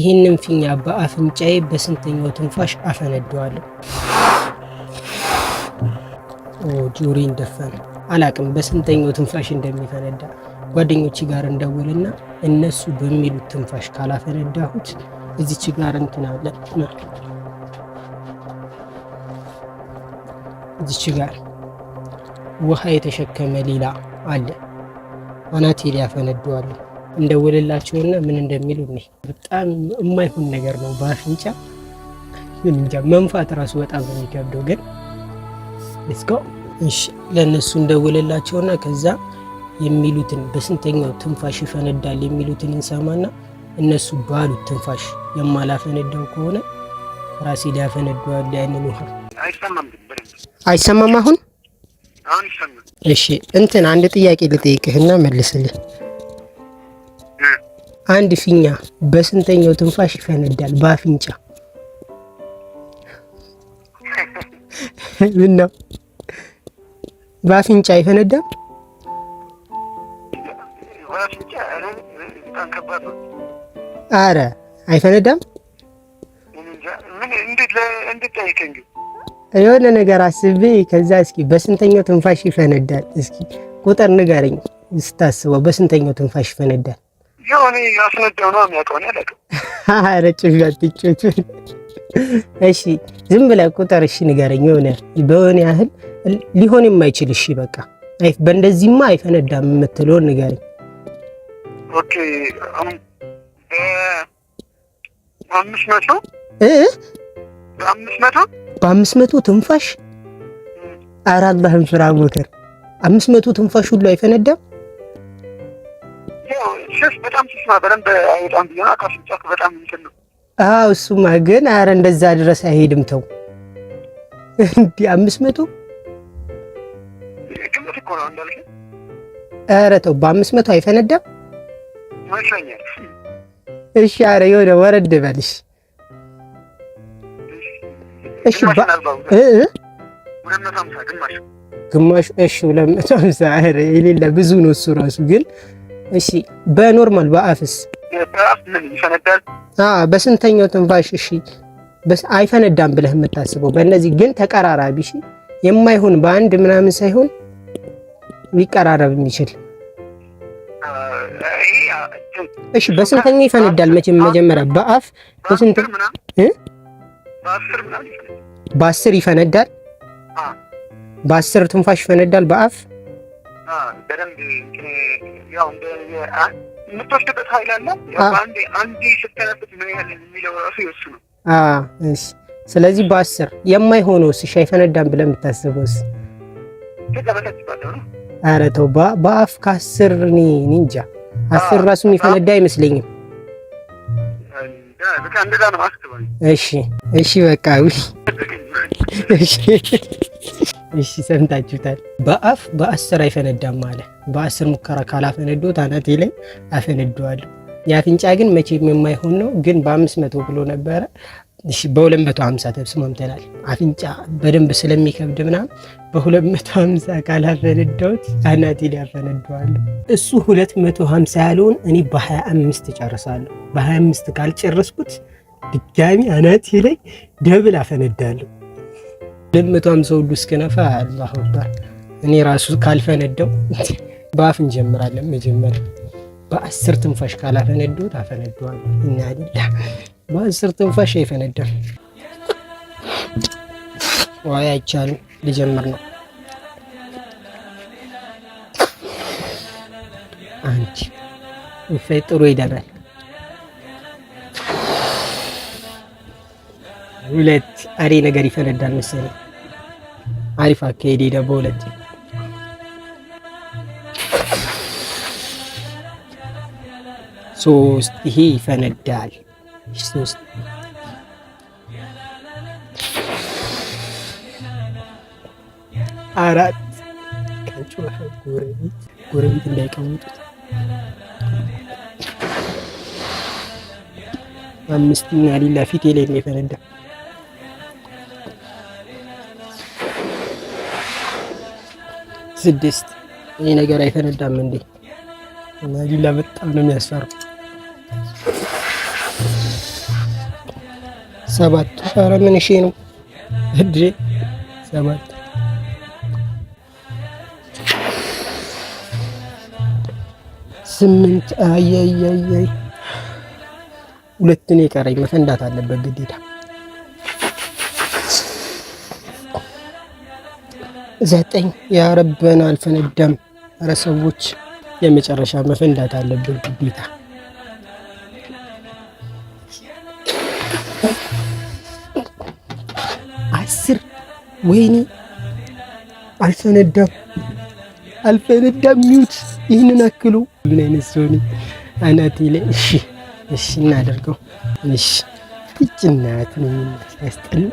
ይህንን ፊኛ በአፍንጫዬ በስንተኛው ትንፋሽ አፈነደዋለሁ? ጆሮዬን ደፈነ። አላቅም በስንተኛው ትንፋሽ እንደሚፈነዳ ጓደኞች ጋር እንደውልና እነሱ በሚሉት ትንፋሽ ካላፈነዳሁት እዚች ጋር እንትናለ እዚች ጋር ውሃ የተሸከመ ሌላ አለ አናቴ ሊያፈነደዋለሁ እንደውልላችሁና ምን እንደሚሉ እኔ በጣም የማይሆን ነገር ነው። በአፍንጫ እንጃ መንፋት ራሱ በጣም የሚከብደው ግን እስከ እሺ፣ ለእነሱ እንደውልላቸውና ከዛ የሚሉትን በስንተኛው ትንፋሽ ይፈነዳል የሚሉትን እንሰማና እነሱ ባሉት ትንፋሽ የማላፈነዳው ከሆነ ራሴ ሊያፈነደዋል። ያንን ውሃ አይሰማም። አሁን እሺ፣ እንትን አንድ ጥያቄ ልጠይቅህና መልስልህ አንድ ፊኛ በስንተኛው ትንፋሽ ይፈነዳል? በአፍንጫ ምነው? በአፍንጫ ይፈነዳል። አረ አይፈነዳም። የሆነ ነገር አስቤ ከዛ እስኪ በስንተኛው ትንፋሽ ይፈነዳል? እስኪ ቁጥር ንገረኝ። ስታስበው በስንተኛው ትንፋሽ ይፈነዳል? የሆነ ያስነዳው ነው የሚያውቀው ነው እሺ ዝም ብለህ ቁጥር እሺ ንገረኝ። የሆነ በሆነ ያህል ሊሆን የማይችል እሺ በቃ በእንደዚህማ አይፈነዳም የምትለውን ንገረኝ። ኦኬ በአምስት መቶ ትንፋሽ። ኧረ አላህን ፍራ ሞተር አምስት መቶ ትንፋሽ ሁሉ አይፈነዳም ሸሽ በጣም ሲስማ በደንብ አይወጣም ብዬ ነው። በጣም እንትን ነው። አዎ እሱማ ግን አረ እንደዛ ድረስ አይሄድም። ተው እንዲ አምስት መቶ እንዳልሽ። አረ ተው በአምስት መቶ አይፈነዳም። እሺ አረ የሆነ ወረድ በልሽ። እሺ ግማሽ እሺ፣ ሁለት መቶ ሃምሳ አረ የሌለ ብዙ ነው እሱ ራሱ ግን እሺ በኖርማል በአፍስ በስንተኛው ትንፋሽ? እሺ አይፈነዳም ብለህ የምታስበው በእነዚህ ግን ተቀራራቢ እሺ፣ የማይሆን በአንድ ምናምን ሳይሆን ሊቀራረብ የሚችል እሺ። በስንተኛ ይፈነዳል? መቼም መጀመሪያ በአፍ በስንት በአስር ይፈነዳል። በአስር ትንፋሽ ይፈነዳል በአፍ ያው የምትወስድበት ኃይል አለ። አንዴ ምን ያህል የሚለው ራሱ እሺ ስለዚህ በአስር የማይሆነው ስሻ አይፈነዳም ብለን የምታስበውስ ኧረ ተው በአፍ ከአስር እኔ እንጃ አስር ራሱ የሚፈነዳ አይመስለኝም። እሺ እሺ በቃ እሺ እሺ ሰምታችሁታል። በአፍ በአስር አይፈነዳም አለ። በአስር ሙከራ ካላፈነዶት አናቴ ላይ አፈነደዋለሁ። የአፍንጫ ግን መቼም የማይሆን ነው። ግን በአምስት መቶ ብሎ ነበረ። እሺ በሁለት መቶ ሀምሳ ተስማምተናል። አፍንጫ በደንብ ስለሚከብድ ምናምን በሁለት መቶ ሀምሳ ካላፈነዳሁት አናቴ ላይ አፈነደዋለሁ። እሱ ሁለት መቶ ሀምሳ ያለውን እኔ በሀያ አምስት ጨርሳለሁ። በሀያ አምስት ካልጨረስኩት ድጋሚ አናቴ ላይ ደብል አፈነዳለሁ። ለመቶም ሰው ሁሉ እስከነፋ አላሁ አክበር። እኔ ራሱ ካልፈነደው በአፍ እንጀምራለን። መጀመሪያ በአስር ትንፋሽ ካላፈነደው ታፈነደዋለህ። እና አይደለ በአስር ትንፋሽ አይፈነደም። ዋይ አይቻልም። ልጀምር ነው። አንቺ እፈይ ጥሩ ይደራል። ሁለት አሬ ነገር ይፈነዳል መሰለኝ አሪፍ አካሄድ ሄደ። በሁለት ሶስት፣ ይሄ ይፈነዳል። ሶስት አራት ጎረቤት ጎረቤት እንዳይቀውጡት አምስትና ሌላ ፊቴ ላይ ነው የፈነዳ ስድስት ይህ ነገር አይፈነዳም እንዴ? እና ሊላ በጣም ነው የሚያስፈራው። ሰባት ኧረ ምን እሺ ነው እድ ሰባት ስምንት አያያያይ ሁለትን የቀረኝ። መፈንዳት አለበት ግዴታ ዘጠኝ ያረበን አልፈነዳም። እረ ሰዎች የመጨረሻ መፈንዳት አለብን ግዴታ። አስር ወይኔ አልፈነዳም አልፈነዳም። ሚዩት ይህንን አክሉ ምን አይነት ሰሆኒ አናቴ ላይ እሺ፣ እሺ እናደርገው። እሺ እጭ ነው ያስጠላ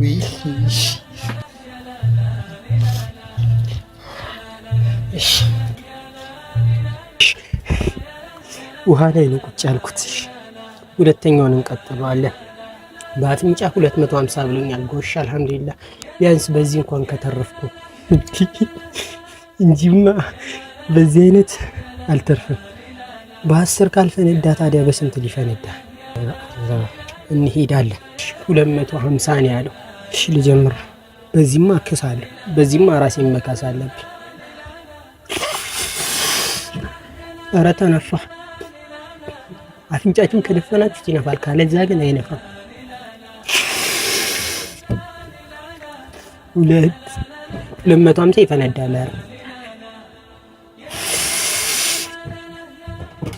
ውሃ ላይ ነው ቁጭ ያልኩት። ሁለተኛውን እንቀጥለዋለን። በአፍንጫ 250 ብሎኛል። ጎሽ አልሐምዱሊላህ። ቢያንስ በዚህ እንኳን ከተረፍኩ እንጂማ በዚህ አይነት አልተርፍም። በአስር ካልፈነዳ ታዲያ በስንት ሊፈነዳ? እንሄዳለን። 250 ነው ያለው። እሺ ልጀምር። በዚህማ እክሳለሁ፣ በዚህማ ራሴ መካስ አለብኝ። እረ ተነፋ። አፍንጫችን ከደፈናችሁት ይነፋል፣ ካለዛ ግን አይነፋም። ሁለት ሁለት መቶ ሀምሳ ይፈነዳል።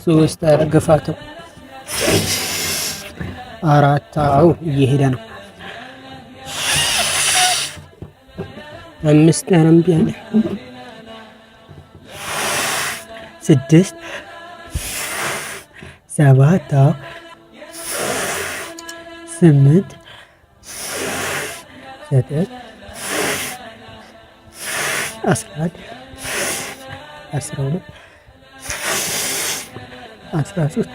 ሶስት፣ ኧረ ገፋተው። አራት እየሄደ ነው አምስት አረምቢያለ ስድስት ሰባት አዎ ስምንት ዘጠኝ አስራ አንድ አስራ ሁለት አስራ ሶስት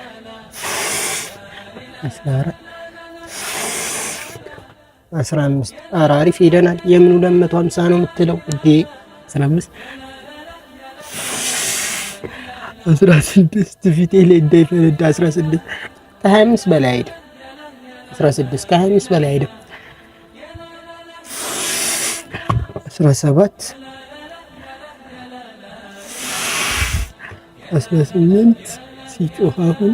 አስራ አራት 15 ኧረ አሪፍ ሄደናል። የምን 250 ነው የምትለው እንዴ? 15 16 ፊቴ ላይ እንዳይፈነዳ 16 25 በላይ አይደል? 16 ከ25 በላይ አይደል? 17 18 ሲጮህ አሁን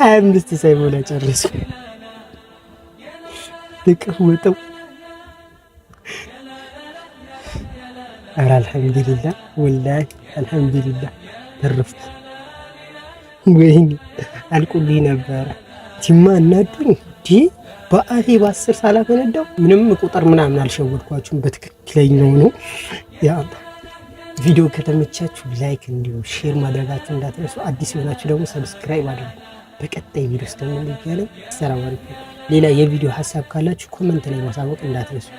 ሀያ አምስት ሳይሞላ ጨርሱ ተቀወጠው። ኧረ አልሐምዱሊላ ወላሂ አልሐምዱሊላ ተረፍኩ። ወይኔ አልቁልኝ ነበረ ቲማ እናዱኝ እንዲህ በአፌ በአስር ሳላፈነዳው ምንም ቁጥር ምናምን አልሸወድኳችሁም። በትክክለኛው ነው። ያ ቪዲዮ ከተመቻችሁ ላይክ እንዲሁ ሼር ማድረጋችሁ እንዳትረሱ። አዲስ የሆናችሁ ደግሞ ሰብስክራይብ አድርጉ። በቀጣይ ቪዲዮ እስከምንገናኝ ሰላም አለይኩም። ሌላ የቪዲዮ ሀሳብ ካላችሁ ኮመንት ላይ ማሳወቅ እንዳትረሱ።